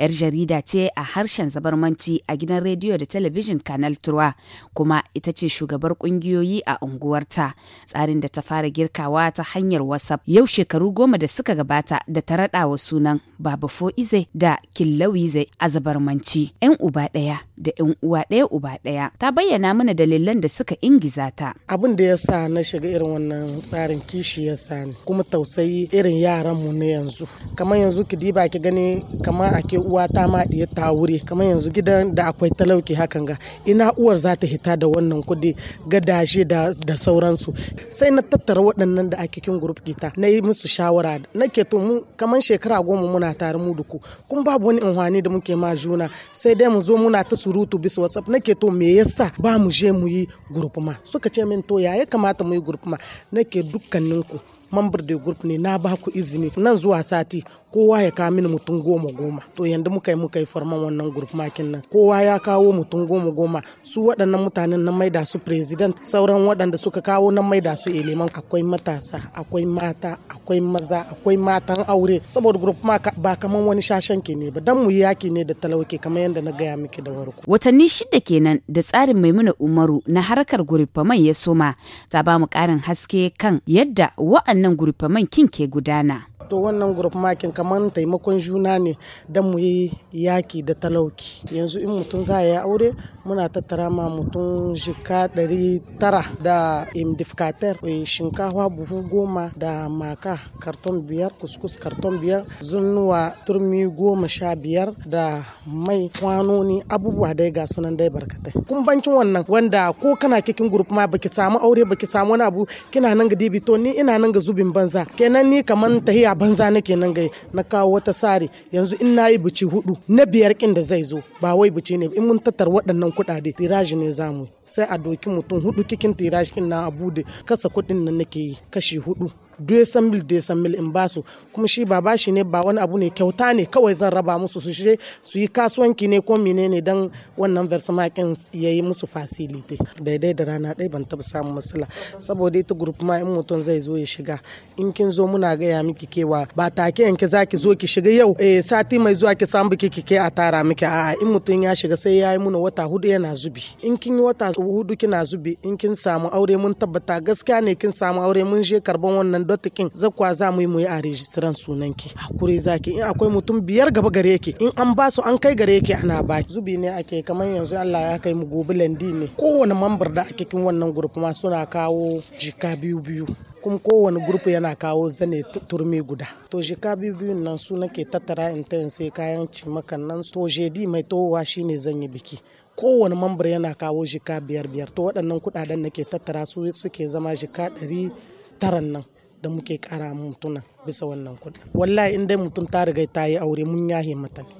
yar jarida ce a harshen zabarmanci a gidan rediyo da talabijin kanal turwa kuma ita ce shugabar kungiyoyi a unguwarta tsarin da ta fara girkawa ta hanyar whatsapp yau shekaru goma da suka gabata da ta raɗawa sunan babu fo'ize da killawize a zabarmanci 'yan uba ɗaya da 'yan uwa ɗaya uba ɗaya ta bayyana mana dalilan da suka ingiza ta. Abin da ya sa na shiga irin wannan tsarin kishi ya sa kuma tausayi irin yaran mu na yanzu. Kamar yanzu ki diba ki gani kamar ake uwa ta ma ɗaya ta wuri kamar yanzu gidan da akwai talauki hakan ga ina uwar za ta hita da wannan kuɗi gadashe da da sauransu sai na tattara waɗannan da ake kin group kita na yi musu shawara nake to mu kamar shekara goma muna tare mu duku kun babu wani inhwani da muke ma juna sai dai mu zo muna ta su surutu bisa whatsapp nake to me yasa ba mu je mu yi gurfuma suka ce min to ya ya kamata mu yi gurfuma nake dukkaninku mambar da group ne na ba ku izini nan zuwa sati kowa ya kawo mini mutum goma goma to yanda muka yi muka yi farman wannan group makin nan kowa ya kawo mutum goma goma su waɗannan mutanen na maida su president sauran waɗanda suka kawo na maida su eleman akwai matasa akwai mata akwai maza akwai matan aure saboda group ma ba kaman wani shashen ke ne ba dan mu yaki ne da talauke kamar yadda na gaya miki da warko watanni shida kenan da tsarin maimuna umaru na harkar mai ya soma ta ba mu karin haske kan yadda wa'annan wannan gurfaman kin ke gudana. to wannan group makin kamar taimakon juna ne don mu yi yaki da talauki yanzu in mutum za ya aure muna tattara ma mutum jika dari tara da imdifkater eh, shinkafa buhu goma da maka karton biyar kuskus karton biyar zunuwa turmi goma sha biyar da mai kwanoni abubuwa dai ga sunan dai barkatai kun bancin wannan wanda ko kana kikin group ma baki samu aure baki samu wani abu kina nan ga dibito ni ina nan ga zubin banza kenan ni kaman tahiya banza nake nan gai na kawo wata sari yanzu in yi bici hudu na biyar kin da zai zo ba wai bici ne in mun tattar waɗannan kuɗaɗe tiraji ne za mu sai a doki mutum hudu kikin tiraji kin na abu da kasa kuɗin nan nake yi kashi hudu 200 mil 200 mil in basu kuma shi ba bashi ne ba wani abu ne kyauta ne kawai zan raba musu su shi su yi kasuwanki ne ko ne don wannan versamakin ya yi musu facility daidai da rana ɗaya ban taba samun matsala saboda ita group ma in mutum zai zo ya shiga in kin zo muna gaya miki kewa ba take yanke ki zo ki shiga yau eh, sati mai zuwa ki samu ki kike a tara miki a'a in mutum ya shiga sai ya yi muna wata hudu yana zubi in kin yi wata hudu kina zubi in kin samu aure mun tabbata gaskiya ne kin samu aure mun je karban wannan dotikin zakwa za mu yi mu yi a rejistiran sunan ki hakuri zaki in akwai mutum biyar gaba gare ki in an ba su an kai gare ki ana ba zubi ne ake kamar yanzu Allah ya kai mu gobe landi ne kowane mambar da ake kin wannan group ma suna kawo jika biyu biyu kuma kowane gurfi yana kawo zane turmi guda to jika biyu nan su nake tattara in ta sai kayan cimakan nan to jedi mai towa shine zan yi biki kowane mambar yana kawo jika biyar biyar to waɗannan kuɗaɗen nake tattara su suke zama jika ɗari taran nan da muke kara mutuna bisa wannan kuɗi wallahi in dai mutum ta riga ta yi aure mun yahe mata ne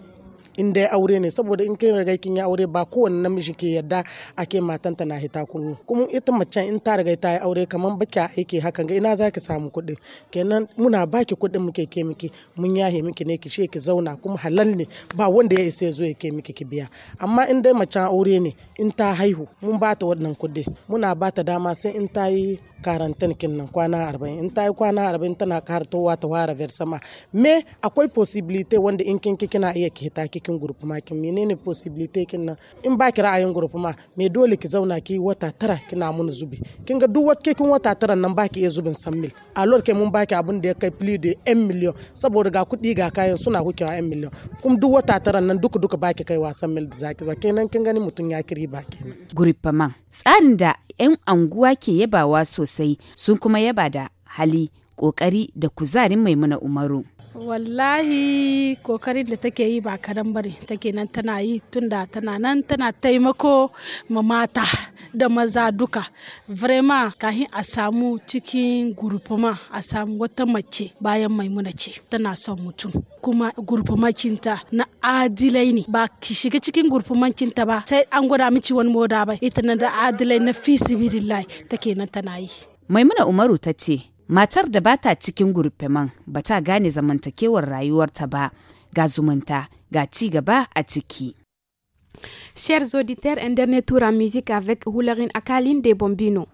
in dai aure ne saboda in kai riga kin yi aure ba kowanne namiji ke yadda ake matanta na hita kunu kuma ita macen in ta riga ta yi aure kaman baki a aiki hakan ga ina za ki samu kuɗi kenan muna baki kuɗin muke ke miki mun yahe miki ne ki ce ki zauna kuma halal ne ba wanda ya isa ya zo ya ke miki ki biya amma in dai macen aure ne in ta haihu mun bata wannan kuɗi muna ba ta dama sai in ta yi karantin kinnan kwana 40 in ta yi kwana 40 tana kartowa ta ware versama me akwai possibility wanda in kinki kina iya ki ta kikin group ma kin menene possibility kinnan in ba ki ra'ayin group ma me dole ki zauna ki wata tara kina mun zubi kin ga duk wata kin wata tara nan ba ki iya zubin san mil a lord kai mun ba ki abin da ya kai plea da 1 miliyon saboda ga kuɗi ga kayan suna hukewa 1 miliyon kuma duk wata tara nan duka duka ba ki kai wa mil da zaki ba kenan kin gani mutum ya kiri ba kenan. group ma tsarin da 'yan anguwa ke yabawa sosai sosai sun kuma yaba da hali kokari da kuzarin Maimuna Umaru. Wallahi kokarin da take yi ba kadan bane take nan tana yi tunda tana nan tana taimako ma mata da maza duka. Vrema kahin a samu cikin gurfuma a samu wata mace bayan Maimuna ce tana son mutum. Kuma gurfumacinta na adilai ne ba ki shiga cikin gurfumacinta ba sai an gwada miki wani moda ba ita na da adilai na fi sibidillahi take nan tana yi. Maimuna Umaru ta ce, matar da ba ta cikin gurfeman ba ta gane zamantakewar rayuwarta ba ga zumunta ga ci gaba a ciki. Chers auditeurs, un dernier tour en musique avec Hoularine Akalin de Bombino.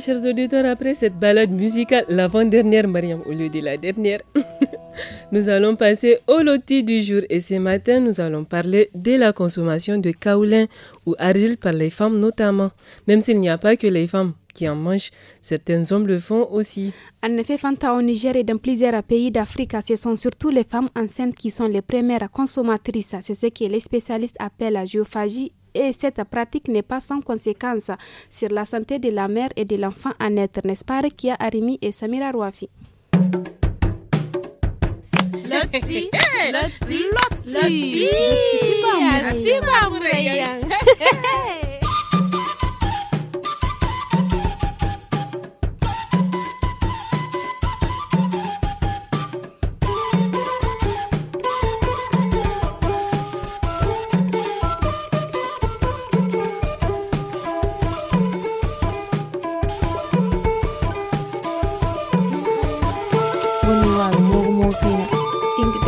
chers auditeurs, après cette balade musicale, l'avant-dernière, Mariam, au lieu de la dernière, nous allons passer au loti du jour. Et ce matin, nous allons parler de la consommation de kaolin ou argile par les femmes notamment. Même s'il n'y a pas que les femmes qui en mangent, certains hommes le font aussi. En effet, Fanta au Niger et dans plusieurs pays d'Afrique, ce sont surtout les femmes enceintes qui sont les premières consommatrices. C'est ce que les spécialistes appellent la géophagie et cette pratique n'est pas sans conséquences sur la santé de la mère et de l'enfant à naître, n'est-ce pas Arimi et Samira Rouafi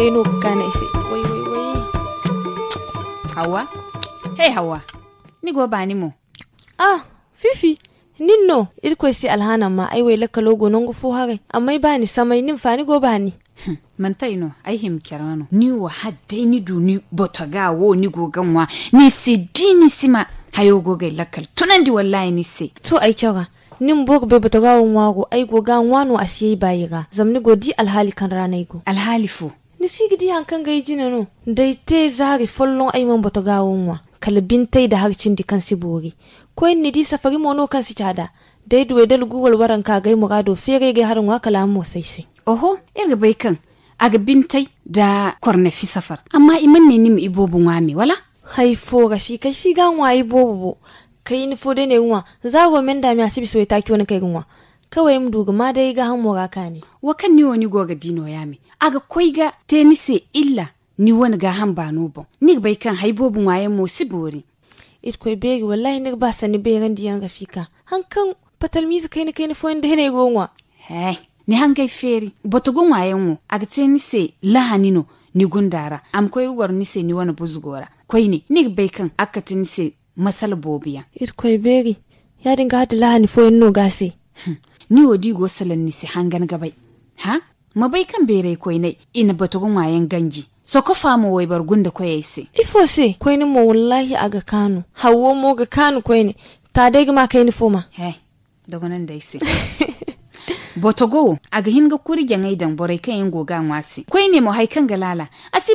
taynukanaysa hawa hey hawa nigo banimo ah fifi ninno irkoysi alhana ma ai wayla kalogo nongo fo hagay amma bani samai nin fani go bani hmm, mantaino ai him kerano ni wa haddai ni du ni botaga wo ni go ganwa ni si dini sima hayo go gai lakal tunandi wallahi ni se to ai kyoga nin bog be botaga wo wago ai go ga wano asiyai bayiga zamni go di alhali kan ranai go alhali fo ni sigidi hankan ga yijina no daite zari follon ay man gawon wa kalbintai da harcin di kansi bori ko ni di safari mono kansi cada dai duwe dal guwal waran ka gai murado fere ga harin wa kalamu mo sai sai oho irga bai kan aga bintai da korna fi safar amma iman ne mu ibobun wa me wala hai fo rafi kai fi gan wa ibobo kai ni fo ne wa za go men da mi asibi so ta ki wani kai gan wa kawai mdugu ma dai ga han moraka ne wakan ni wani goga dino yami aga koi ga tenise illa ni wani ga han ba no bon ni bai kan haibobin waye mo bori. it koi begi wallahi ni ba sani be ran diyan ga fika han kan patal mizi kai ni kai ni foyin da yi gonwa hey ni han kai feri boto gon waye mo aga tenise no ni gundara am koi gwar ni se ni wani buzgora koi ne ni bai kan aka tenise masal bobiya it koi begi ya dinga hada lahani foyin no gase hmm. ni wodi go salan ni si hangan gabai ha mabai kan bere nay ina batugun wayan ganji so ko famo wai bar gunda koyai se ifo se ni mo wallahi aga kanu hawo mo ga kanu ni ta dai ma kai ni foma he dogonan dai se botogo aga hinga kuri jangai dan borai kan ga ngwasi koi ne mo haikan galala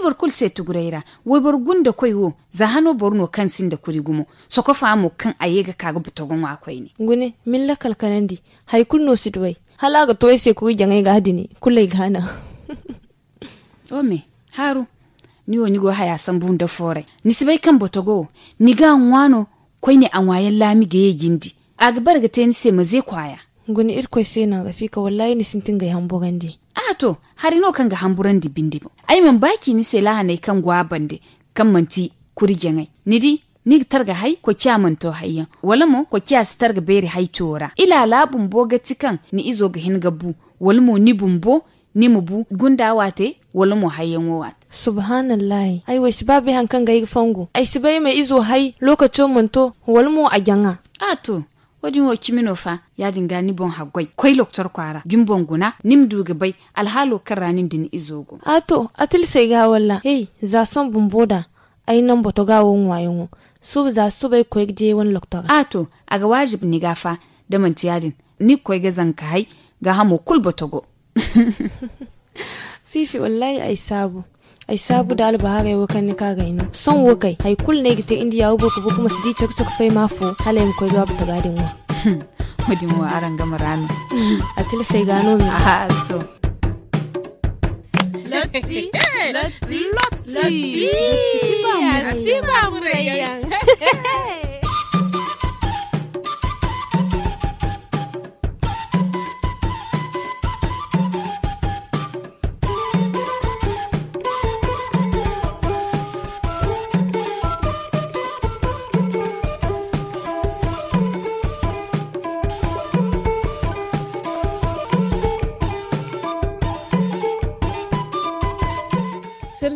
bor kul se tugureira wai bor gunda koi wo zahano borno kan sin da kuri gumo soko famu kan ayega kaga botogo ngwa koi ne ngune milla kalkanandi haikul no sidwai halaga toy se kuri jangai ga hadini kulai gana ome haru ni wo nigo haya sambun da fore nisibai kan botogo ni ga ngwano koi ne anwayen lami ga jindi. agbar ga tenise maze kwaya guni irko se na ga fika wallahi ni sintin ga hamburandi a to hari no kan ga hamburandi bindi bo ai man baki ni se lahane kan gwabande kan manti kurgengai ni di ni targa hai ko kya manto hayya wala ko kya starga beri hai tora ila labun ga tikan ni izo ga hin gabu wala mo ni bumbo ni mubu gunda wate wala mo hayyan wat subhanallah ai wa shibabi hankan ga yi fango ai sibai mai izo hai lokacin manto wala mo a gyanga a to wajin wo fa yadin ni bon hagwai kwai loktor kwara gimbon guna nim duga bai alhalo kan ranin din izogo ato atil sai ga walla hey za son bumboda ai nan boto ga won wayon su za su bai kwai je won loktor ato aga wajib ni gafa da manti yadin ni kwai ga zanka hai ga hamo kul botogo fifi wallahi ai sabu ai sabu da alba hare wo kan ka ina son wo kai hay kul ne gite indiya wo ko kuma su di chok chok fai mafo halem ko ga da gadin wo mudin wa aran gama rano atil sai gano mi a to Lati, lati, lati, lati, lati, lati, lati, lati, lati, lati,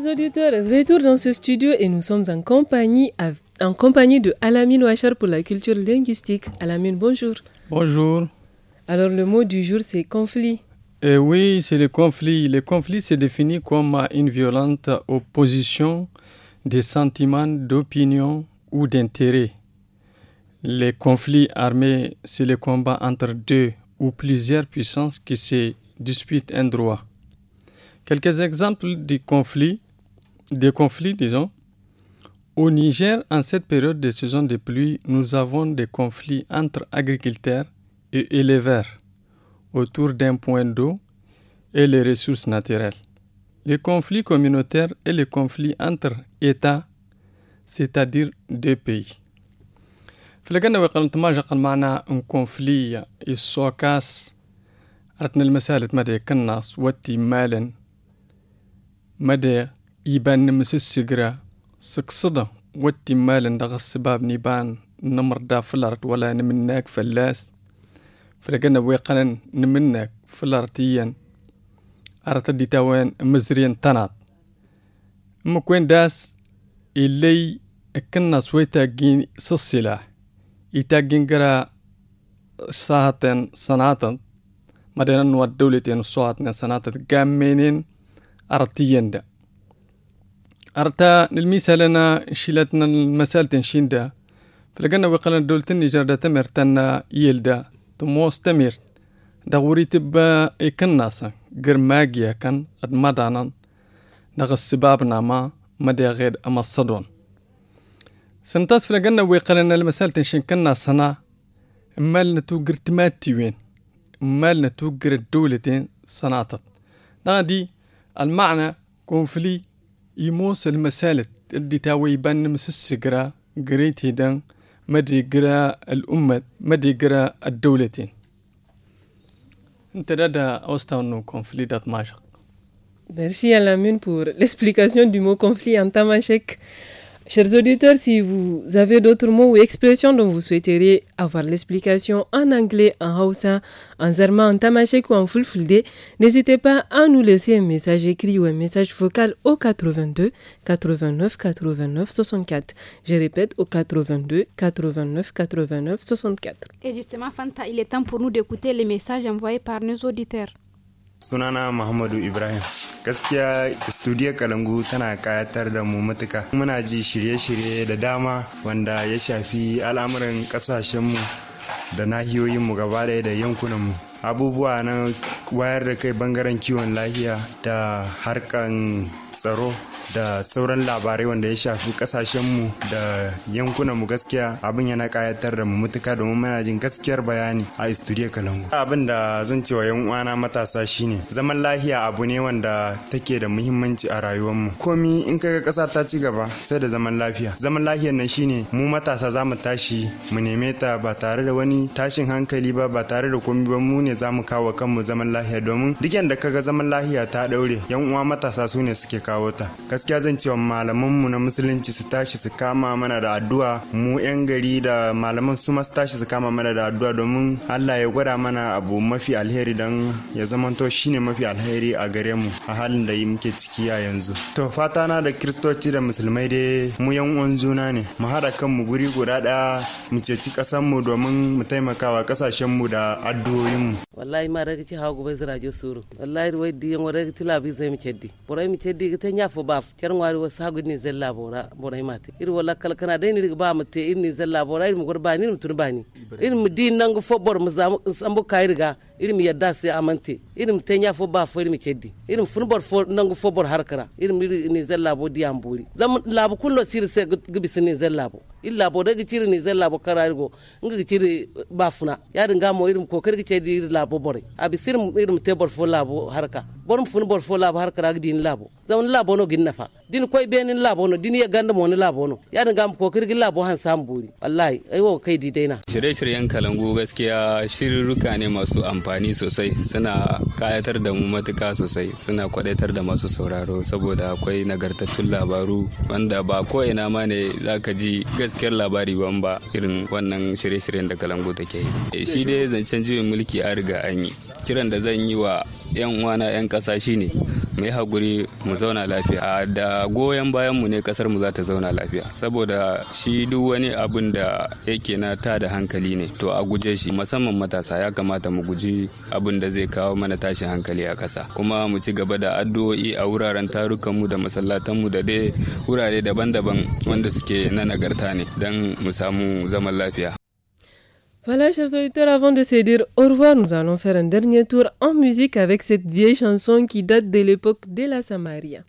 auditeurs, retour dans ce studio et nous sommes en compagnie, en compagnie de Alamine Ouachar pour la culture linguistique. Alamine, bonjour. Bonjour. Alors le mot du jour, c'est conflit. Eh oui, c'est le conflit. Le conflit se définit comme une violente opposition des sentiments, d'opinion ou d'intérêt. Les conflits armés, c'est le combat entre deux ou plusieurs puissances qui se disputent un droit. Quelques exemples de conflits des conflits, disons. Au Niger, en cette période de saison de pluie, nous avons des conflits entre agriculteurs et éleveurs autour d'un point d'eau et les ressources naturelles. Les conflits communautaires et les conflits entre États, c'est-à-dire deux pays. يبان نمسس سيقرا سقصدا واتي مال دغ السباب نيبان نمر دا فلارت ولا نمناك فلاس فلقنا ويقنا نمناك فلارتيا أرتا دي تاوان مزرين تناط مكوين داس إلي كنا سويتا جين سلسلة إتا جين جرا ساعتين سناتن مدينة نوات دولتين سواتنا سناتت جامينين أرتيين ده أرتا نلميسا لنا شيلتنا المسالة تنشين دا فلقنا وقلنا دولتن نجار دا تمر تنا يلدا تموس تمير دا غوري تبا إكن ناسا غير ماجيا كان أد مدانا نغ السبابنا ما مدى غير أما الصدون سنتاس فلقنا وقلنا المسالة تنشين كان ناسنا مالنا تو قرتماتي وين مالنا تو قرت دولتين صناطت نادي المعنى كونفلي يموس المسالت اللي تاوي بان مسس قرا قريتي دان مدري قرا الأمة مدري قرا الدولتين انت دادا أوستاونو كونفليدات ماشق Merci à la mine pour l'explication du mot conflit en tamashek. Chers auditeurs, si vous avez d'autres mots ou expressions dont vous souhaiteriez avoir l'explication en anglais, en hausa, en zarma, en tamashek ou en fulfulde, n'hésitez pas à nous laisser un message écrit ou un message vocal au 82 89 89 64. Je répète, au 82 89 89 64. Et justement, Fanta, il est temps pour nous d'écouter les messages envoyés par nos auditeurs. sunana muhammadu ibrahim gaskiya studio kalangu tana kayatar da mu matuka muna ji shirye-shirye da dama wanda ya shafi al'amuran kasashenmu da nahiyoyinmu gaba ɗaya da yankunanmu abubuwa na wayar da kai bangaren kiwon lahiya da harkan tsaro da sauran labarai wanda ya shafi kasashenmu da yankunanmu gaskiya abin yana kayatar da mu mutuka domin muna jin gaskiyar bayani a studio kalangu abin da zan cewa yan uwana matasa shine zaman lahiya abu ne wanda take da muhimmanci a rayuwarmu komi in kaga kasa ta ci gaba sai da zaman lafiya zaman lafiyar nan shine mu matasa za mu tashi mu neme ta ba tare da wani tashin hankali ba ba tare da komi ba mu ne za mu kawo kanmu zaman lahiya domin duk yanda kaga zaman lahiya ta daure yan uwa matasa su ne suke ke kawo ta gaskiya zan cewa mu na musulunci su tashi su kama mana da addu'a mu 'yan gari da malaman su su tashi su kama mana da addu'a domin Allah ya gwada mana abu mafi alheri dan ya zamanto shine mafi alheri a gare mu a halin da muke ciki a yanzu to fata na da kristoci da musulmai dai mu yan uwan juna ne mu haɗa mu guri guda ɗaya mu ceci ƙasar mu domin mu taimaka wa ƙasashen mu da addu'o'in mu wallahi ma daga ci hawa gobe zira jo suru wallahi wai diyan wa daga tilabi zai mu ceddi borai mu ceddi irigata ñafo baf carngwari wasu hagu ni zalla bora bora imate ir wala kala kana dai ni ba mate ir ni zalla bora ir mu gor bani ir mu bani ir mu nangu fo bor mu zamu sambo kairiga ir mu yadda sai amante ir mu tanya fo bafo ir mu keddi ir mu fun bor fo nangu fo bor harkara ir mu ni zalla bo di amburi zam labu kullo sir se gibis ni zalla bo ir labo da giciri ni zalla bo karargo nga giciri bafuna yadin gamo ir mu kokar gicedi ir labo bore abi sir mu mu te bor fo labo harka bon fun bor fo labo har karag din labo zaman labo no gin nafa din koy benin labo no din ya ganda mo ni labo no ya da gam ko kirgin labo han samburi buri wallahi ai wo kai di daina shirye shiryen kalangu gaskiya shirruka ne masu amfani sosai suna kayatar da mu matuka sosai suna kwadaitar da masu sauraro saboda akwai nagartattun labaru wanda ba ko ina ma ne zaka ji gaskiyar labari ban ba irin wannan shirye-shiryen da kalangu take yi eh, shi dai zancen juyin mulki a riga an yi kiran da zan yi wa 'yan uwana 'yan ƙasa shine mu yi haƙuri mu zauna lafiya da goyon bayan mu ne ƙasar mu za ta zauna lafiya saboda shi duk wani abin da yake na ta da hankali ne to a guje shi musamman matasa ya kamata mu guji abin da zai kawo mana tashin hankali a ƙasa kuma mu ci gaba da addu'o'i a wuraren tarukan mu da masallatan mu da dai wurare daban-daban wanda suke na nagarta ne don mu samu zaman lafiya Voilà, chers auditeurs, avant de se dire au revoir, nous allons faire un dernier tour en musique avec cette vieille chanson qui date de l'époque de la Samaria.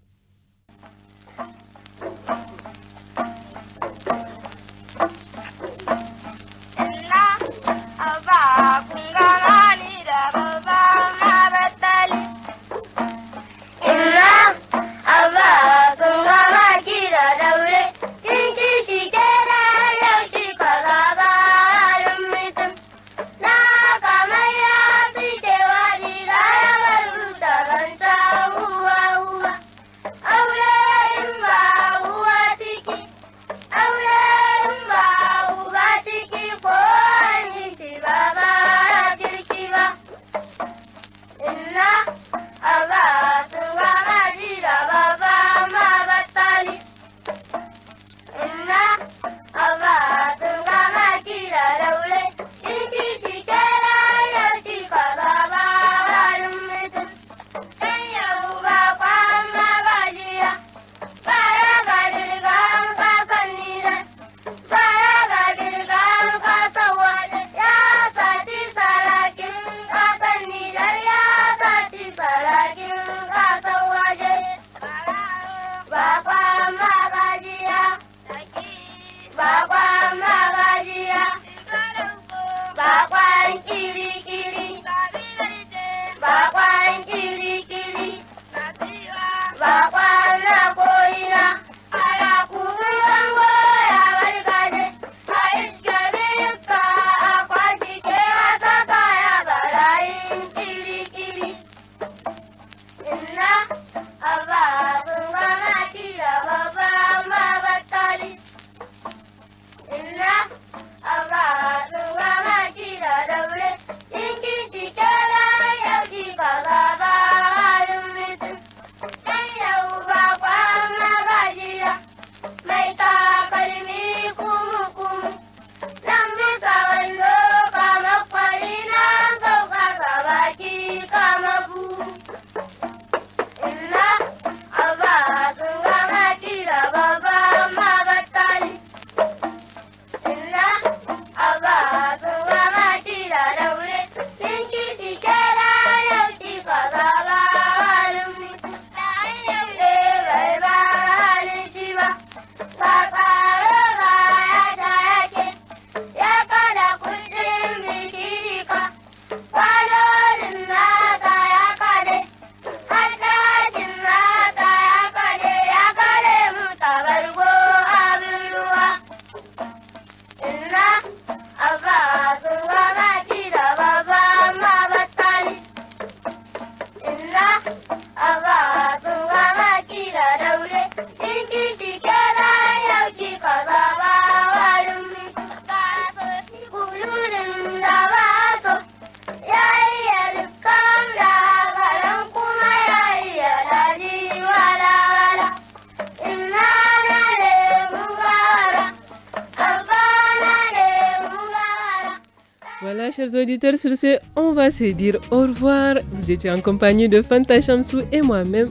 sur ce, on va se dire au revoir. Vous étiez en compagnie de Fanta Chamsou et moi-même,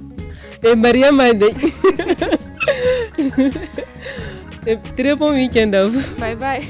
et Maria Madei. très bon week-end à vous. Bye bye.